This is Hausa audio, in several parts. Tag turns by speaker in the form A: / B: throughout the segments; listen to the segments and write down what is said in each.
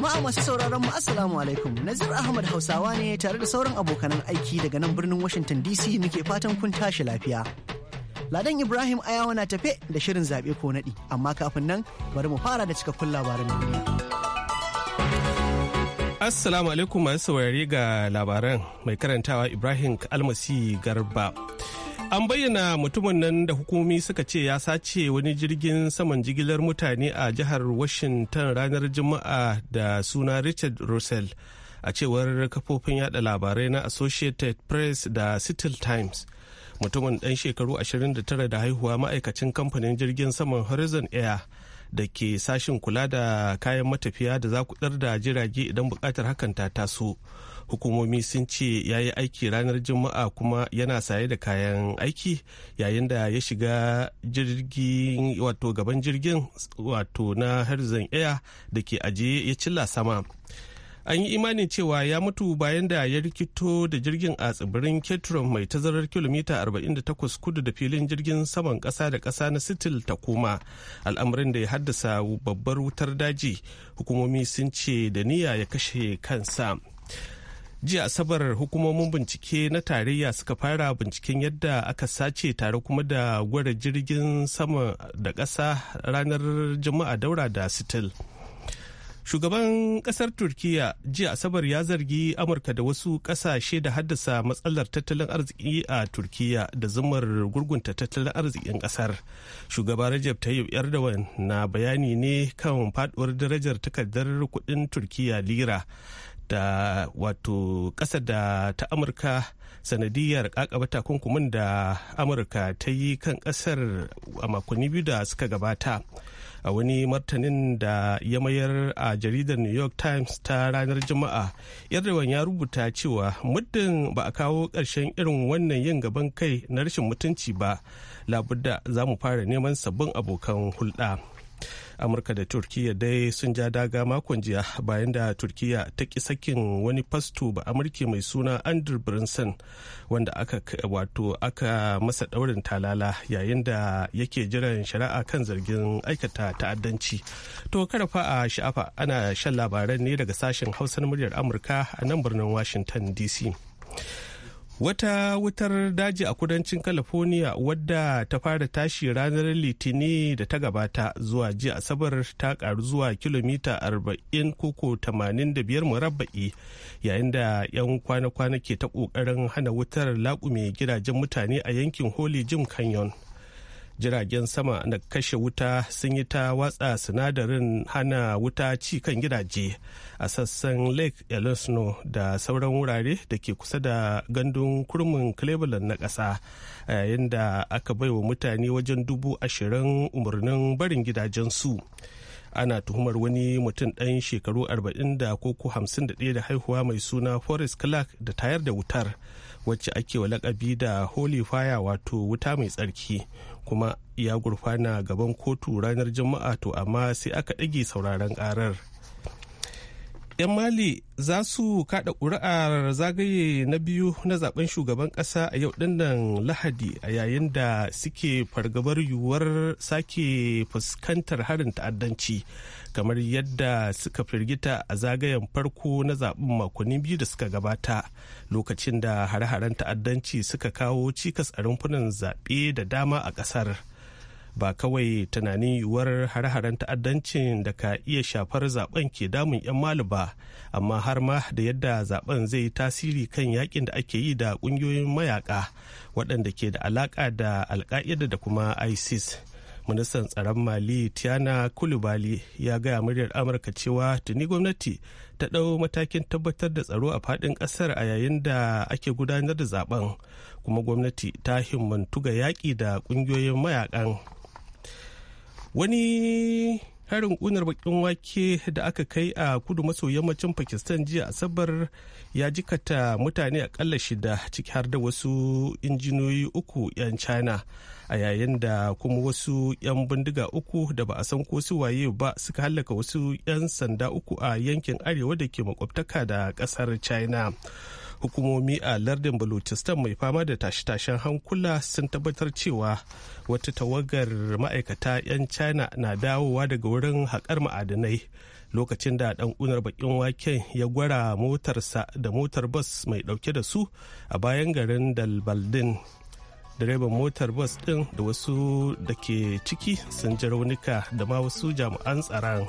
A: Jama'a masu sauraron mu Assalamu alaikum. Nazir Ahmad Hausawa ne tare da sauran abokanan aiki daga nan birnin Washington DC muke fatan kun tashi lafiya. Ladan Ibrahim Ayawa na tafe da shirin zaɓe ko naɗi, amma kafin nan bari mu fara da cikakkun labaran duniya.
B: Assalamu alaikum masu saurari ga labaran mai karantawa Ibrahim Almasi Garba. An bayyana mutumin nan da hukumi suka ce ya sace wani jirgin saman jigilar mutane a jihar Washington ranar Juma'a da suna Richard Russell a cewar kafofin yada labarai na Associated Press da Seattle Times. Mutumin ɗan shekaru 29 da haihuwa ma'aikacin kamfanin jirgin saman Horizon Air da ke sashin kula da kayan matafiya da za zakudar da jirage idan bukatar hakan ta taso. hukumomi sun ce ya yi aiki ranar juma'a kuma yana saye da kayan aiki yayin da ya shiga jirgin wato gaban jirgin wato na harzan air da ke ajiye ya cilla sama an yi imanin cewa ya mutu bayan da ya rikito da jirgin a tsibirin ketron mai tazarar kilomita 48 kudu da filin jirgin saman kasa da kasa na sitil ta koma al'amarin da ya haddasa babbar wutar daji hukumomi sun ce da niyya ya kashe kansa jiya asabar hukumomin bincike na tarayya suka fara binciken yadda aka sace tare kuma da gwada jirgin sama da ƙasa ranar jama'a daura da sitil shugaban ƙasar turkiya jiya asabar ya zargi amurka da wasu ƙasashe da haddasa matsalar tattalin arziki a turkiya da zumar gurgunta tattalin arzikin ƙasar shugaban rajab tayyip erdogan na bayani ne kan faduwar darajar takardar kuɗin turkiya lira da wato ƙasa da ta amurka sanadiyar kakaba takunkumin da amurka ta yi kan ƙasar a makonni biyu da suka gabata a wani martanin da ya mayar a jaridar new york times ta ranar juma'a yardewan ya rubuta cewa muddin ba a kawo ƙarshen irin wannan yin gaban kai na rashin mutunci ba labudda za mu fara neman sabbin abokan hulɗa. amurka da turkiya dai sun ja daga makon jiya bayan da turkiya ta ki sakin wani fasto ba amurki mai suna andrew brinson wanda aka wato aka masa daurin talala yayin da yake jiran shari'a kan zargin aikata ta'addanci to fa a sha'afa ana shan labaran ne daga sashen hausar muryar amurka a nan birnin washington dc wata wutar daji a kudancin california wadda ta fara tashi ranar litini da ta gabata zuwa jiya asabar ta karu zuwa kilomita 40 koko 85 murabba'i yayin da 'yan kwana-kwana ke ta kokarin hana wutar laƙume gidajen mutane a yankin holy jim canyon jiragen sama na kashe wuta sun yi ta watsa sinadarin hana wuta ci kan gidaje a sassan lake elsinore da sauran wurare da ke kusa da gandun kurmin cleveland na ƙasa yayin da aka baiwa mutane wajen dubu ashirin umarnin barin gidajen su ana tuhumar wani mutum ɗan shekaru 40 da koko 51 da haihuwa mai suna forest clark da tayar da wutar wacce ake wa lakabi da holy fire wato wuta mai tsarki kuma ya gurfana gaban kotu ranar juma'a to amma sai aka ɗage sauraron karar. 'yan mali za su kada ƙuri'ar zagaye na biyu na zaben shugaban ƙasa a yau dinnan lahadi a yayin da suke fargabar yiwuwar sake fuskantar harin ta'addanci kamar yadda suka firgita a zagayen farko na zaben makonni biyu da suka gabata lokacin da hare-haren ta'addanci suka kawo cikas a rumfunan zaɓe da dama a ƙasar ba kawai tunanin yiwuwar hare-haren ta'addancin da ka iya shafar zaben ke damun 'yan malu ba amma har ma da yadda zaben zai tasiri kan yakin da ake yi da ƙungiyoyin mayaka waɗanda ke da alaƙa da alka'ida da kuma isis ministan tsaron mali tiana kulubali ya gaya muryar amurka cewa tuni gwamnati ta ɗau matakin tabbatar da tsaro a faɗin ƙasar a yayin da ake gudanar da zaben kuma gwamnati ta himmantu ga yaƙi da ƙungiyoyin mayakan wani harin kunar bakin wake da aka kai a kudu maso yammacin pakistan jiya asabar ya jikata mutane akalla shida ciki har da wasu injiniyoyi uku 'yan china a yayin da kuma wasu 'yan bindiga uku da ba a san ko su waye ba suka hallaka wasu 'yan sanda uku a yankin arewa da ke makwabtaka da kasar china hukumomi a lardin balochistan mai fama da tashe-tashen hankula sun tabbatar cewa wata tawagar ma'aikata 'yan china na dawowa daga wurin haƙar ma'adanai lokacin da ɗan unar bakin waken ya gwara motarsa da motar bas mai ɗauke da su a bayan garin dalbaldin direban motar bas ɗin da wasu da ke ciki sun ji raunuka da ma wasu jami'an tsaron.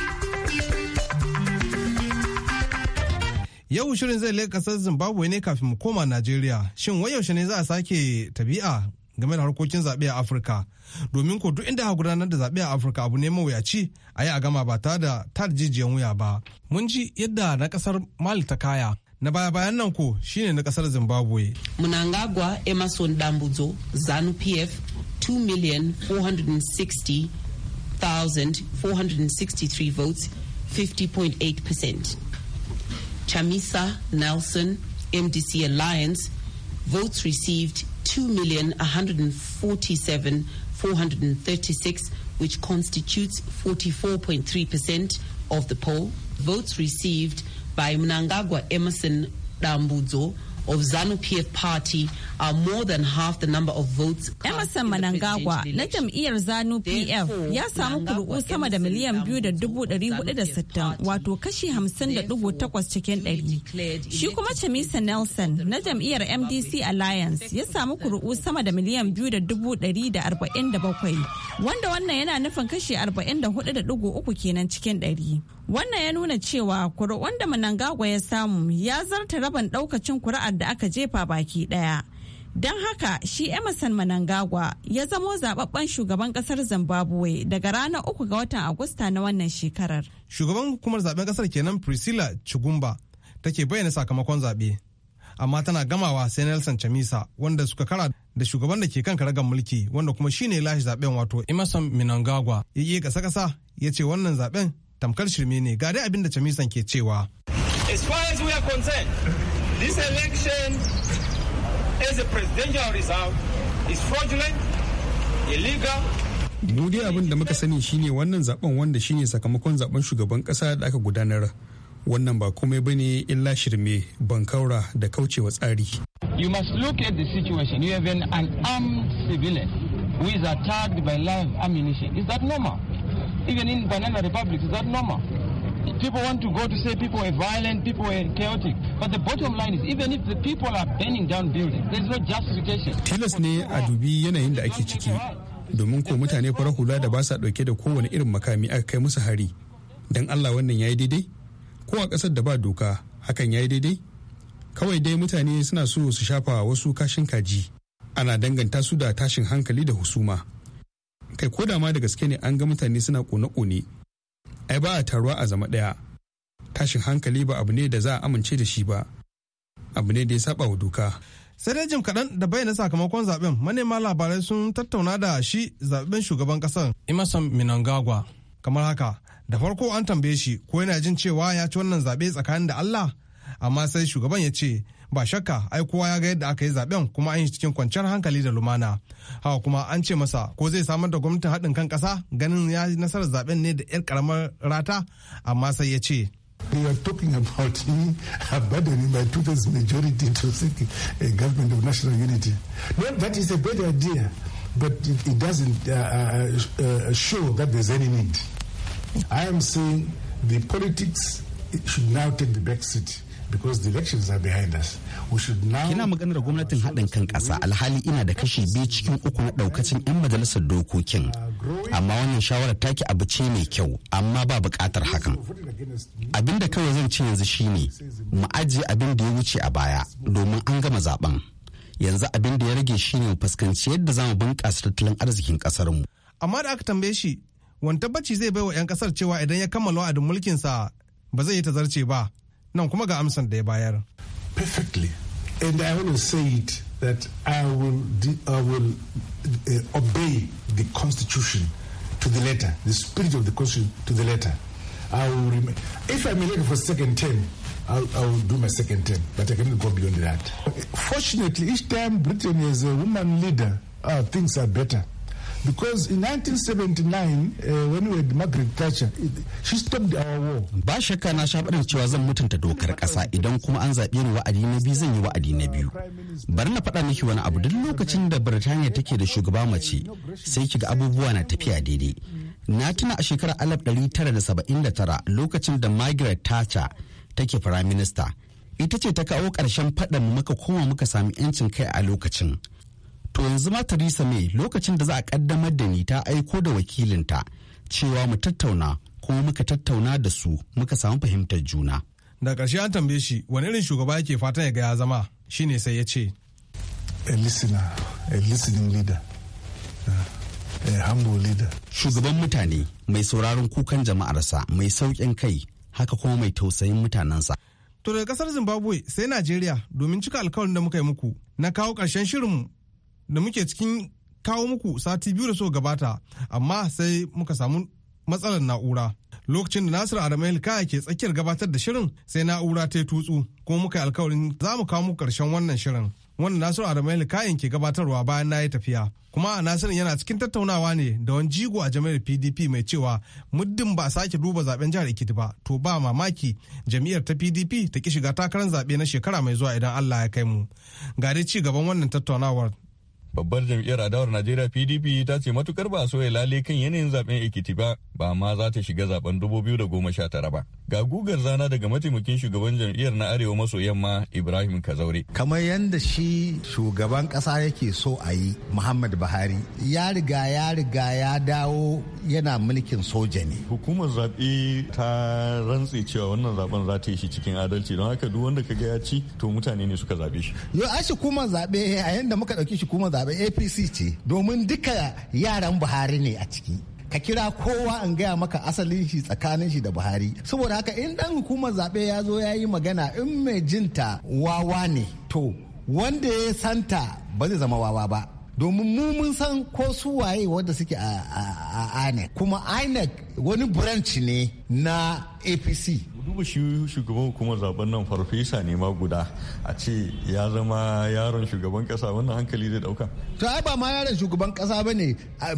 C: Yau shirin zai leka kasar Zimbabwe ne kafin mu koma Najeriya. Shin wai yaushe ne za a sake tabi'a game da harkokin zaɓe a Afirka? Domin ko duk inda gudanar da zaɓe a Afirka abu ne mawuyaci a yi a gama ba ta da tarjijiyan wuya ba. Mun ji yadda na kasar Mali ta kaya. Na baya-bayan nan ko shine na ƙasar Zimbabwe. Munangagwa Emerson Dambudzo
A: ZANU PF 2,460,463 votes 50.8 percent. Chamisa Nelson, MDC Alliance, votes received 2,147,436, which constitutes 44.3% of the poll. Votes received by Mnangagwa Emerson Dambuzo of ZANU-PF party are more than half the number
D: of votes.
E: Emerson Manangagwa na jam'iyyar ZANU-PF ya samu kuri'u sama da miliyan biyu da dubu ɗari hudu da sittin wato kashi hamsin da dubu takwas cikin ɗari. Shi kuma Chamisa Nelson na jam'iyyar MDC Alliance ya samu kuri'u sama da miliyan biyu da dubu ɗari da arba'in da bakwai wanda wannan yana nufin kashi arba'in da hudu da dubu uku kenan cikin ɗari. Wannan ya nuna cewa kuri'un da Manangagwa ya samu ya zarta rabin ɗaukacin kuri'a kuri'ar da aka jefa baki daya Don haka shi Emerson Manangagwa ya zamo zababben shugaban kasar Zimbabwe daga ranar uku ga watan Agusta na wannan shekarar.
C: Shugaban hukumar zaben kasar kenan Priscilla Chigumba take bayyana sakamakon zabe Amma tana gamawa sai Nelson Chamisa wanda suka kara da shugaban da ke kan karagar mulki wanda kuma shine lashe zaben wato Emerson Minangagwa ya yi kasa kasa ya ce wannan zaben tamkar shirme ne ga dai abin da Chamisa ke cewa.
F: As far as we are This election, as a presidential result, is fraudulent, illegal,
G: mu dai abin da muka sani shine wannan zaben wanda shine sakamakon zaben shugaban kasa da aka gudanar wannan ba komai bane illa shirme bankaura da kaucewa tsari
F: you must look at the situation you have an, an armed civilian who is attacked by live ammunition is that normal even
H: in banana republic is that normal People want to go to say people are violent, people are chaotic. But the bottom line is even if the people are burning down buildings, there's no justification. Tilas ne a dubi yanayin da ake ciki.
G: Domin ko mutane fara hula da ba sa ɗauke da kowane irin makami aka kai musu hari. Dan Allah wannan ya yi daidai? Ko a ƙasar da ba doka hakan ya yi daidai? Kawai dai mutane suna so su shafa wasu kashin kaji. Ana danganta su da tashin hankali da husuma. Kai ko da ma da gaske ne an ga mutane suna ƙone ƙone. ai ba a taruwa a zama ɗaya tashin hankali ba abu ne da za a amince da shi ba abu ne da ya saba wa doka
C: sai dai jim kaɗan da bayyana sakamakon zaɓen, manema labarai sun tattauna da shi zaɓen shugaban ƙasar imasan minangagwa kamar haka da farko an tambaye shi ko yana jin cewa ya ci wannan zaɓe tsakanin da allah amma sai shugaban ya ce ba shakka ai kowa ya ga yadda aka yi zaben kuma an yi cikin kwanciyar hankali da lumana hawa kuma an ce masa ko zai samar da gwamnatin haɗin kan ƙasa ganin ya yi nasarar zaben ne da 'yar karamar rata amma sai ya ce They are talking about me abandoning my two-thirds majority to seek a government of national unity. Well, that is a
H: bad idea, but it, it doesn't uh, uh, uh, show that there's any need. I am saying the politics should now take the back seat. because
E: the elections are behind us. We should now Kina maganar gwamnatin haɗin kan ƙasa alhali ina da kashi biyu cikin uku na ɗaukacin 'yan majalisar dokokin. Amma wannan shawarar taki abu ce mai kyau amma ba buƙatar hakan. Abin da kawai zan ce yanzu shine mu ajiye abin da ya wuce a baya domin an gama zaben. Yanzu abin da ya rage shine mu fuskanci yadda zamu mu bunƙasa tattalin arzikin mu
C: Amma da aka tambaye shi wani tabbaci zai bai wa 'yan ƙasar cewa idan ya kammala wa'adin sa, ba zai yi tazarce ba. nan kuma ga amsan da ya bayar perfectly and i want to say it that i will i will uh, obey the constitution to the letter the spirit of the
H: constitution to the letter i will remain if i'm elected for second term I'll, will do my second term, but I cannot go beyond that. Fortunately, each time Britain is a woman leader, uh, things are better. Because in 1979 uh, eh, when we had Margaret
E: Thatcher, it, she stopped our war. Ba shakka na sha cewa zan mutunta dokar kasa idan kuma an zaɓe ni wa'adi na biyu zan yi wa'adi na biyu. Bari na faɗa miki wani abu duk lokacin da Birtaniya take da shugaba mace sai kiga abubuwa na tafiya daidai. Na tuna a shekarar 1979 lokacin da Margaret Thatcher take firaminista. Ita ce ta kawo ƙarshen faɗan muka koma muka sami 'yancin kai a lokacin. To yanzu ma Theresa May lokacin da za a kaddamar da ni ta aiko da wakilinta cewa mu tattauna
C: ko muka tattauna da su muka samu fahimtar juna. Da ƙarshe an tambaye shi wani irin shugaba yake fatan ya ga ya zama ne sai ya ce. A listener, a listening leader, eh, a humble leader. Shugaban mutane
E: mai sauraron kukan jama'arsa mai sauƙin kai haka kuma mai tausayin mutanensa. To daga
C: ƙasar Zimbabwe sai Najeriya domin cika alkawarin da muka yi muku na kawo ƙarshen shirinmu da muke cikin kawo muku sati biyu da so gabata amma sai muka samu matsalar na'ura lokacin da nasiru adamu kaya ke tsakiyar gabatar da shirin sai na'ura ta yi tutsu kuma muka yi alkawarin za mu kawo muku karshen wannan shirin wanda nasiru adamu kayan ke gabatarwa bayan na yi tafiya kuma nasirin yana cikin tattaunawa ne da wani jigo a jami'ar pdp mai cewa muddin ba a sake duba zaben jihar ikiti ba to ba mamaki jami'ar ta pdp ta ki shiga takarar zaɓe na shekara mai zuwa idan allah ya kai mu ga dai ci gaban wannan tattaunawar babbar
I: jam'iyyar adawar najeriya pdp ta ce matukar ba so ya lale kan yanayin zaben ekiti ba ba ma za ta shiga zaben tara ba ga gugar zana daga mataimakin shugaban jam'iyyar na arewa maso yamma ibrahim kazaure
D: kamar yadda shi shugaban kasa yake so a yi
I: muhammad buhari
H: ya riga ya riga ya dawo yana mulkin soja ne
I: hukumar zaɓe ta rantse cewa wannan zaben za ta yi shi cikin adalci don haka duk wanda ga ya ci to mutane ne suka zaɓe shi
H: yo a hukumar zaɓe a yadda muka ɗauki shi hukumar zabe apc ce domin duka yaran buhari ne a ciki ka kira kowa an gaya maka asalin shi tsakanin shi da buhari saboda haka in dan hukumar zaɓe ya zo ya yi magana in mai jinta wawa ne to wanda ya santa ba zai zama wawa ba domin mu mun san ko su waye wanda suke a inec kuma inec wani
I: branch ne na apc duba shi shugaban hukumar zaben nan farfesa ne ma guda a ce ya zama yaron shugaban kasa wannan hankali zai dauka to ai
H: ba ma yaron shugaban kasa ne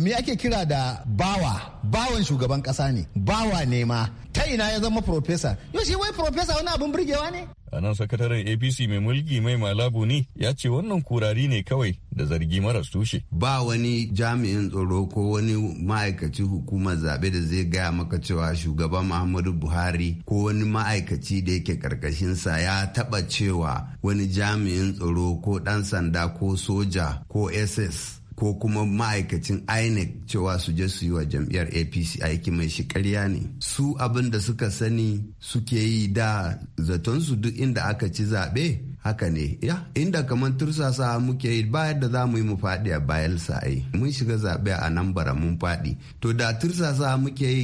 H: me ake kira da bawa bawan shugaban kasa ne bawa ne ma ta ina ya zama farfesa yau shi wai farfesa wani abin burgewa ne
I: a nan sakataren apc mai mulki mai malabu ne ya ce wannan kurari ne kawai da zargi maras tushe
D: ba wani jami'in tsaro ko wani ma'aikaci hukumar zaɓe da zai gaya maka cewa shugaban muhammadu buhari ko wani ma'aikaci da yake karkashinsa ya taɓa cewa wani jami'in tsaro ko ɗan sanda ko soja ko ss ko kuma ma'aikacin inec cewa su je su yi wa jam'iyyar apc aiki mai shi karya ne su abin da suka sani suke yi da zaton su duk inda aka ci zaɓe haka ne ya inda kamar tursasa muke yi ba yadda za mu yi mu faɗi a bayan sa'ai mun shiga zaɓe a nan bara mun faɗi to da tursasa muke yi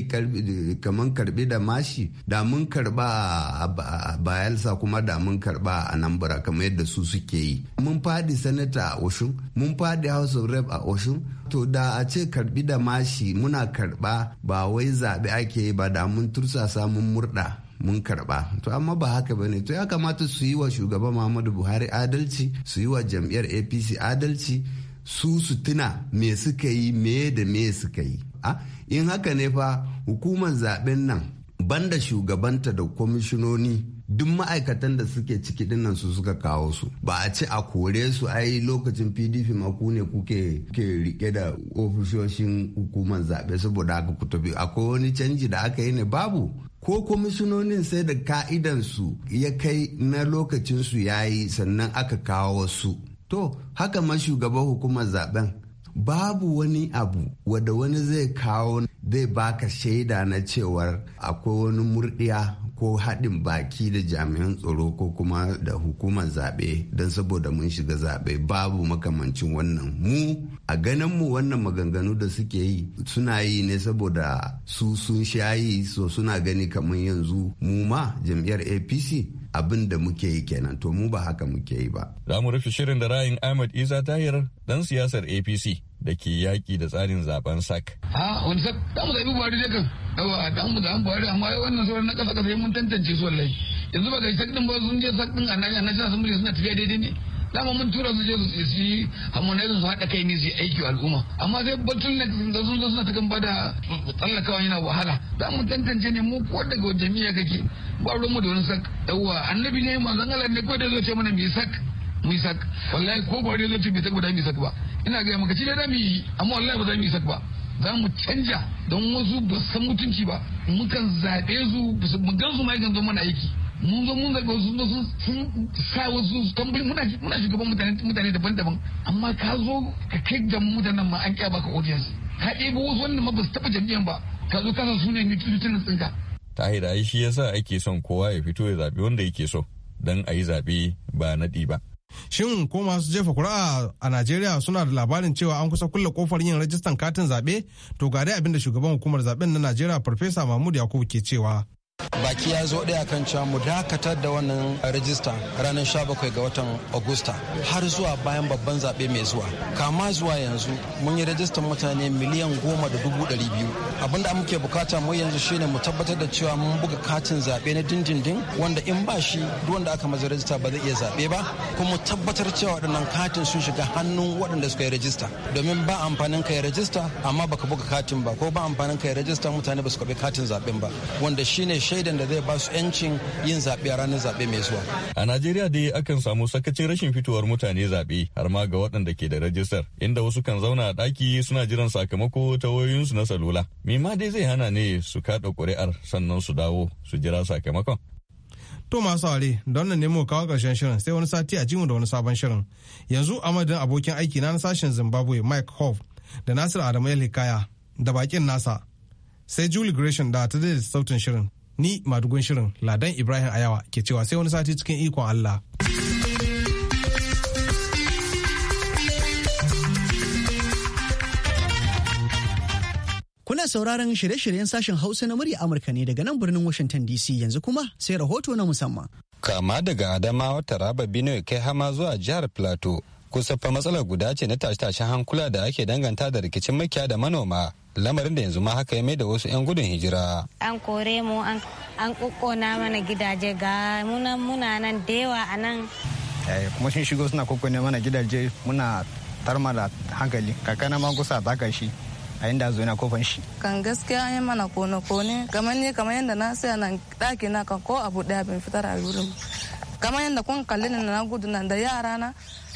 D: kamar karɓi da mashi da mun karɓa a bayan sa kuma da mun karɓa a nan bara kamar yadda su suke yi mun faɗi sanata a oshun mun faɗi house of rep a oshun to da a ce karɓi da mashi muna karɓa ba wai zaɓe ake yi ba da mun tursasa mun murɗa mun karba to amma ba haka ba ne to ya kamata su yi wa shugaba muhammadu buhari adalci su yi wa jam'iyyar apc adalci su su tuna me suka yi me da me suka yi a ah, in haka ne fa hukumar zaben nan banda shugabanta da kwamishinoni duk ma'aikatan da suke ciki dinnan su suka kawo su ba a ce a kore su ai lokacin pdp ma ku ne kuke ke rike da ofisoshin hukumar zaɓe saboda haka ku tafi akwai wani canji da aka yi ne babu ko kwamishinonin sai da ka'idansu ya kai na lokacinsu ya yi sannan aka kawo wasu to haka ma shugaban hukumar zaben babu wani abu wadda wani zai kawo zai baka shaida na cewar akwai wani murdiya ko haɗin baki da jami'an tsaro ko kuma da hukumar zaɓe don saboda mun shiga zaɓe babu makamancin wannan mu a ganin mu wannan maganganu da suke yi suna yi ne saboda su sun shayi so suna gani kamar yanzu mu ma jam'iyyar apc abin da muke yi kenan to mu ba haka muke yi ba.
I: Za mu rufe shirin da ra'ayin Ahmad Isa Tahir dan siyasar APC da ke yaƙi da tsarin zaben SAC.
H: Ha, ah, wani SAC, za mu zaɓi Buhari dai kan. yawa da mu da an buhari amma wannan sauran na kasa kasa mun tantance su wallahi yanzu ba ga sak din ba sun je sak din a national assembly suna tafiya daidai ne dama mun tura su je su yi harmonizing su haɗa kai ne su yi aiki al'umma amma sai batun na da sun zo suna ta gamba da tsallakawa yana wahala za mu tantance ne mu ko daga jami'a kake ba ruwan mu da wani sak yawa annabi ne zan Allah ne ko da zo ce mana mu yi sak mu yi sak wallahi ko ba dai zo ce mu yi sak ba da mu yi sak ba ina ga maka shi da mu yi amma wallahi ba za mu yi sak ba za mu canja don wasu ba san mutunci ba mukan zaɓe su mu gan su ma yakan zo mana aiki mun zo mun zaɓe wasu sun sa wasu tambayi muna shugaban mutane daban-daban amma ka zo ka kai da mutanen ma an ka baka audience ka ɗebo wasu wanda ma ba su taɓa jam'iyyar ba ka zo kasa su ne mutunan tsinka.
I: tahir ai shi yasa ake son kowa ya fito ya zaɓi wanda yake so don a yi zaɓe ba naɗi ba.
C: Shin ko masu jefa kuri'a a Najeriya suna da labarin cewa an kusa kulle kofar yin rajistan katin zaɓe? To ga dai abin da shugaban hukumar zaɓen na Najeriya Farfesa Mahmud Yakubu ke cewa.
H: baki ya zo daya kan cewa mu dakatar da wannan rajista ranar 17 ga watan agusta har zuwa bayan babban zaɓe mai zuwa kama zuwa yanzu mun yi rajistan mutane miliyan goma da dubu ɗari biyu abinda muke bukata mu yanzu shine mu tabbatar da cewa mun buga katin zaɓe na dindindin wanda in ba shi duk wanda aka maza rajista ba zai iya zaɓe ba kuma tabbatar cewa waɗannan katin sun shiga hannun waɗanda suka yi rajista domin ba amfanin ka yi rajista amma baka buga katin ba ko ba amfanin ka yi rajista mutane ba su karɓi katin zaɓen ba wanda shine shaidan da zai ba su 'yancin yin zaɓe a ranar zaɓe mai zuwa.
I: A Najeriya dai akan samu sakacin rashin fitowar mutane zaɓe har ma ga waɗanda ke da rajistar inda wasu kan zauna a ɗaki suna jiran sakamako ta wayoyinsu na salula. Me ma dai zai hana ne su kaɗa ƙuri'ar sannan su dawo su jira sakamakon.
C: To masu aure don nan nemo kawo ƙarshen shirin sai wani sati a jimu da wani sabon shirin. Yanzu a madadin abokin aiki na sashen Zimbabwe Mike Hoff da Nasir Adamu Hikaya da bakin nasa. Sai Julie Gresham da ta daidaita sautin shirin. ni madugun shirin ladan ibrahim ayawa ke cewa sai wani sati cikin ikon allah
A: Kuna sauraron shirye-shiryen sashen Hausa na murya Amurka ne daga nan birnin Washington DC yanzu kuma sai rahoto na musamman.
G: Kama daga Adamawa Taraba ya kai hama zuwa jihar Plateau kusaffa matsalar guda ce na tashe-tashen hankula da ake danganta da rikicin makiya da manoma lamarin da yanzu ma haka ya maida wasu 'yan gudun hijira. An kore mu an kukkona mana gidaje ga munan muna nan dewa a nan.
H: Eh, kuma shi shigo suna kukkone mana gidaje muna tarma da hankali kakana ma kusa taka shi a inda zo na kofan shi.
G: Kan gaskiya an yi mana kone-kone kamar ne kamar yadda na sai nan daki na kan ko abu daya bin fitar a wurin. Kamar yadda kun kalli na gudu nan da yara na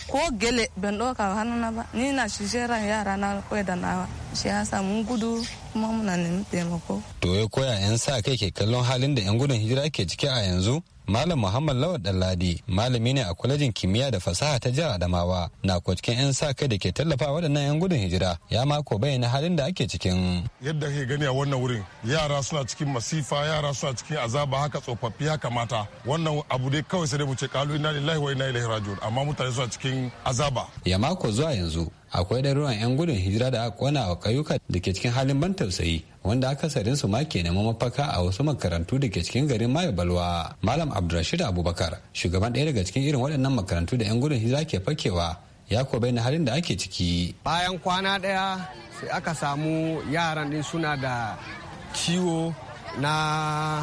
G: ko gele ban ɗauka wa hannuna ba ni na shi ran yara na koyar da nawa shi yasa mun gudu kuma muna nemi taimako. To ya koya 'yan sa kai ke kallon halin da 'yan gudun hijira ke ciki a yanzu? Malam Muhammad Lawal Dalladi, malami ne a kwalejin kimiyya da fasaha ta jihar Adamawa na kwacikin 'yan sa kai da ke tallafa waɗannan 'yan gudun hijira ya mako bayyana halin da ake cikin.
F: Yadda ke gani a wannan wurin yara suna cikin masifa yara suna cikin azaba haka tsofaffi haka mata wannan abu dai kawai sai dai mu ce kalu inna lillahi wa inna ilaihi raji'un amma mutane suna cikin azaba.
G: Ya mako zuwa yanzu akwai ɗaruruwan 'yan gudun hijira da aka kona a ƙauyuka da ke cikin halin ban tausayi wanda akasarin su ma ke neman mafaka a wasu makarantu da ke cikin garin mayo balwa malam abdulrashid abubakar shugaban ɗaya daga cikin irin waɗannan makarantu da 'yan gudun hijira ke fakewa ya ko na halin da ake ciki
D: bayan kwana ɗaya sai aka samu yaran ɗin suna da ciwo na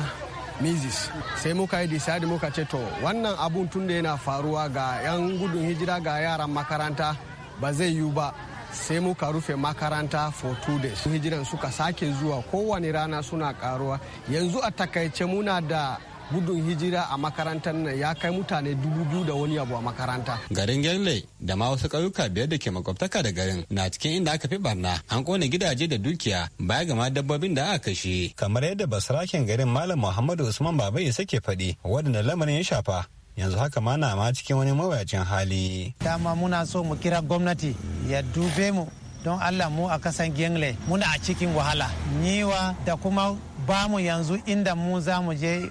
D: mizis sai muka yi disadi muka ce to wannan abun tun da yana faruwa ga 'yan gudun hijira ga yaran makaranta ba zai yiwu ba sai muka rufe makaranta for two days hijiran suka sake zuwa kowane rana suna karuwa yanzu a takaice muna da gudun hijira a makarantar nan ya kai mutane dubu biyu da wani abu a makaranta.
G: Garin Gerle da ma wasu ƙauyuka biyar da ke makwabtaka da garin na cikin inda aka fi barna an kone gidaje da dukiya baya ga dabbobin da aka kashe. Kamar yadda basraken garin Malam Muhammadu Usman Baba ya sake faɗi waɗanda lamarin ya shafa yanzu haka ma na ma cikin wani mawuyacin hali.
H: Dama muna so mu kira gwamnati ya dube mu don Allah mu a kasan Gengle muna a cikin wahala. Niwa da kuma ba mu yanzu inda mu za mu je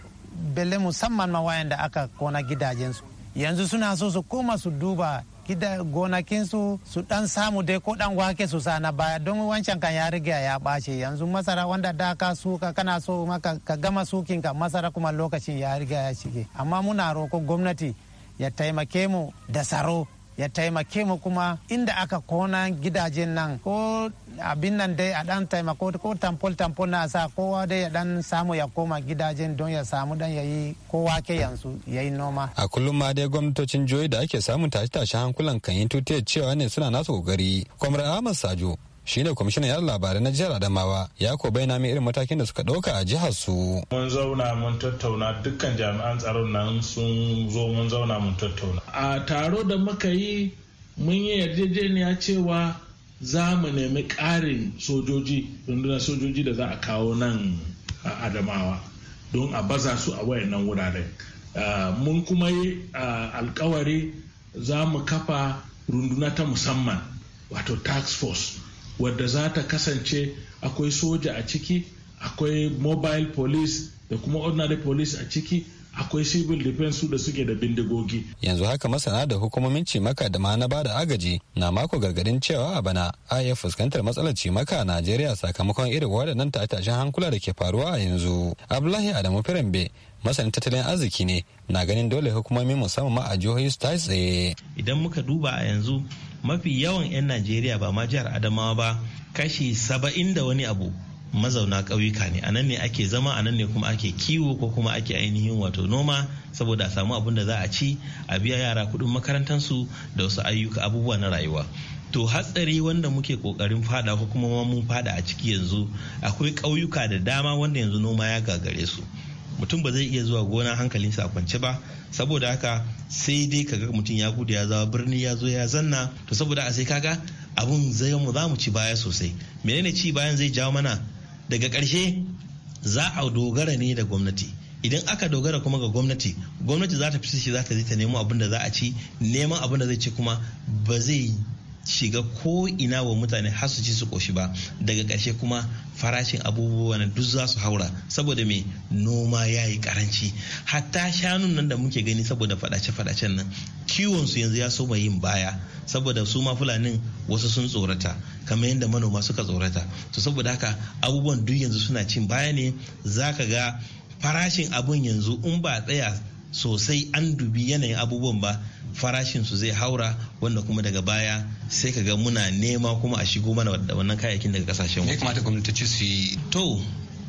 H: belle musamman ma wayanda aka kona gidajensu. Yanzu suna so su koma su duba gida gonakinsu su dan samu dai ko dan wake su sa na baya don wancan kan ya riga ya bace yanzu masara wanda da ka suka kana so maka ka gama sukin ka masara kuma lokacin ya riga ya shige amma muna roko gwamnati ya taimake mu da tsaro ya taimake mu kuma inda aka kona gidajen nan ko abin nan dai a dan taimako ko tampol tampol na sa kowa dai ya dan samu ya koma gidajen don ya samu dan yayi kowa ke yanzu yayi noma
G: a kullum ma dai gwamnatocin jihohi da ake samun tashi tashi hankulan kan yi tutiyar cewa ne suna nasu kokari kwamrar ahmad sajo shine kwamishinan yada labarai na jihar adamawa ya ko bayyana min irin matakin da suka ɗauka a jihar
B: su. mun zauna mun tattauna dukkan jami'an tsaron nan sun zo mun zauna mun tattauna a taro da muka yi mun yi yarjejeniya cewa za mu nemi ƙarin sojoji rundunar sojoji da za a kawo nan a adamawa don a baza su a nan wuraren mun kuma yi alkawari za mu kafa runduna ta musamman wato tax force wadda za ta kasance akwai soja a ciki akwai mobile police da kuma ordinary police a ciki akwai civil defense su da suke da bindigogi.
G: Yanzu haka masana da hukumomin cimaka da ma na ba da agaji na mako gargadin cewa a bana a iya fuskantar matsalar cimaka a Najeriya sakamakon irin waɗannan tashin hankula da ke faruwa a yanzu. Abdullahi Adamu Firambe masanin tattalin arziki ne na ganin dole hukumomin musamman ma
F: a jihohi su tsaye. Idan muka duba a yanzu mafi yawan 'yan najeriya ba ma jihar adamawa ba kashi saba'in da wani abu mazauna ƙauyuka ne a nan ne ake zama a nan ne kuma ake kiwo ko kuma ake ainihin wato noma saboda a samu abin da za a ci a biya yara kuɗin makarantarsu da wasu ayyuka abubuwa na rayuwa to hatsari wanda muke kokarin fada ko kuma mun fada a ciki yanzu akwai ƙauyuka da dama wanda yanzu noma ya gagare su mutum ba zai iya zuwa gona hankalinsa a kwance ba saboda haka sai dai kaga mutum ya gudu ya zawa birni ya zo ya zanna to saboda a sai kaga abun zai mu za mu ci baya sosai menene ci bayan zai jawo mana daga ƙarshe za a dogara ne da gwamnati idan aka dogara kuma ga gwamnati gwamnati za ta fi shi za ta zai ta nemo abin da za a ci neman abin da zai ci kuma ba zai shiga ko ina wa mutane har su ci su koshi ba daga ƙarshe kuma farashin abubuwa na duk za su haura saboda mai noma ya yi karanci hatta shanun nan da muke gani saboda fadace-fadacen nan kiwon su yanzu ya soma yin baya saboda su ma fulanin wasu sun tsorata kamar yadda manoma suka tsorata to saboda haka abubuwan duk yanzu suna cin baya ne za ka ga farashin abun yanzu in ba tsaya sosai an dubi yanayin abubuwan ba farashin su zai haura wanda kuma daga baya sai kaga muna nema kuma a shigo mana da wannan kayayyakin daga kasashen waje. Ya kamata gwamnati su yi. To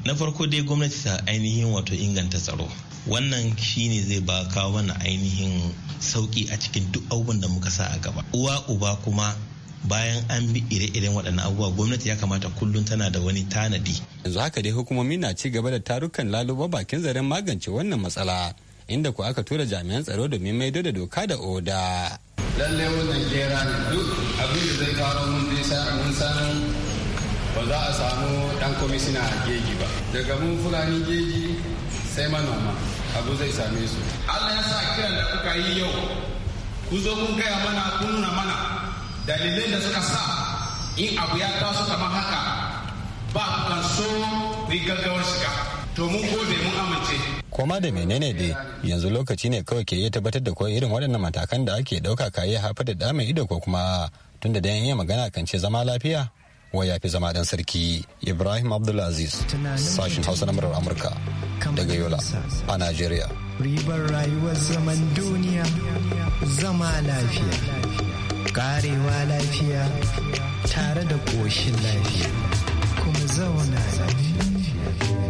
F: na farko dai gwamnati ta ainihin wato inganta tsaro wannan shine zai ba kawo mana ainihin sauki a cikin duk abubuwan da muka sa a gaba uwa uba kuma bayan an bi ire-iren waɗannan abubuwa gwamnati ya kamata kullum tana da wani tanadi yanzu haka dai hukumomi na ci gaba da
G: tarukan laluba bakin zaren magance wannan matsala inda ku aka tura jami'an tsaro domin maido da doka da oda. Lalle wannan ne duk abin da zai kawo mun san ba za a samu dan kwamishina a geji ba. Daga mun fulani geji sai manoma abu zai same su.
D: Allah ya sa kiran da kuka yi yau ku zo kun gaya mana kun nuna mana dalilai da suka sa
E: in abu ya taso kamar haka ba kan so ku yi gaggawar shiga.
C: to mun gode mun amince
G: koma da menene dai yanzu lokaci ne kawai ke iya tabbatar da koyi irin waɗannan matakan da ake ɗauka ka iya haifar da dama ido ko kuma tunda da iya magana kan ce zama lafiya wai ya fi zama dan sarki ibrahim abdulaziz sashin hausa na murar amurka daga yola a nigeria
H: ribar rayuwar zaman duniya zama lafiya karewa lafiya tare da ƙoshin lafiya kuma zauna lafiya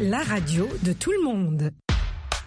E: la radio de tout le monde.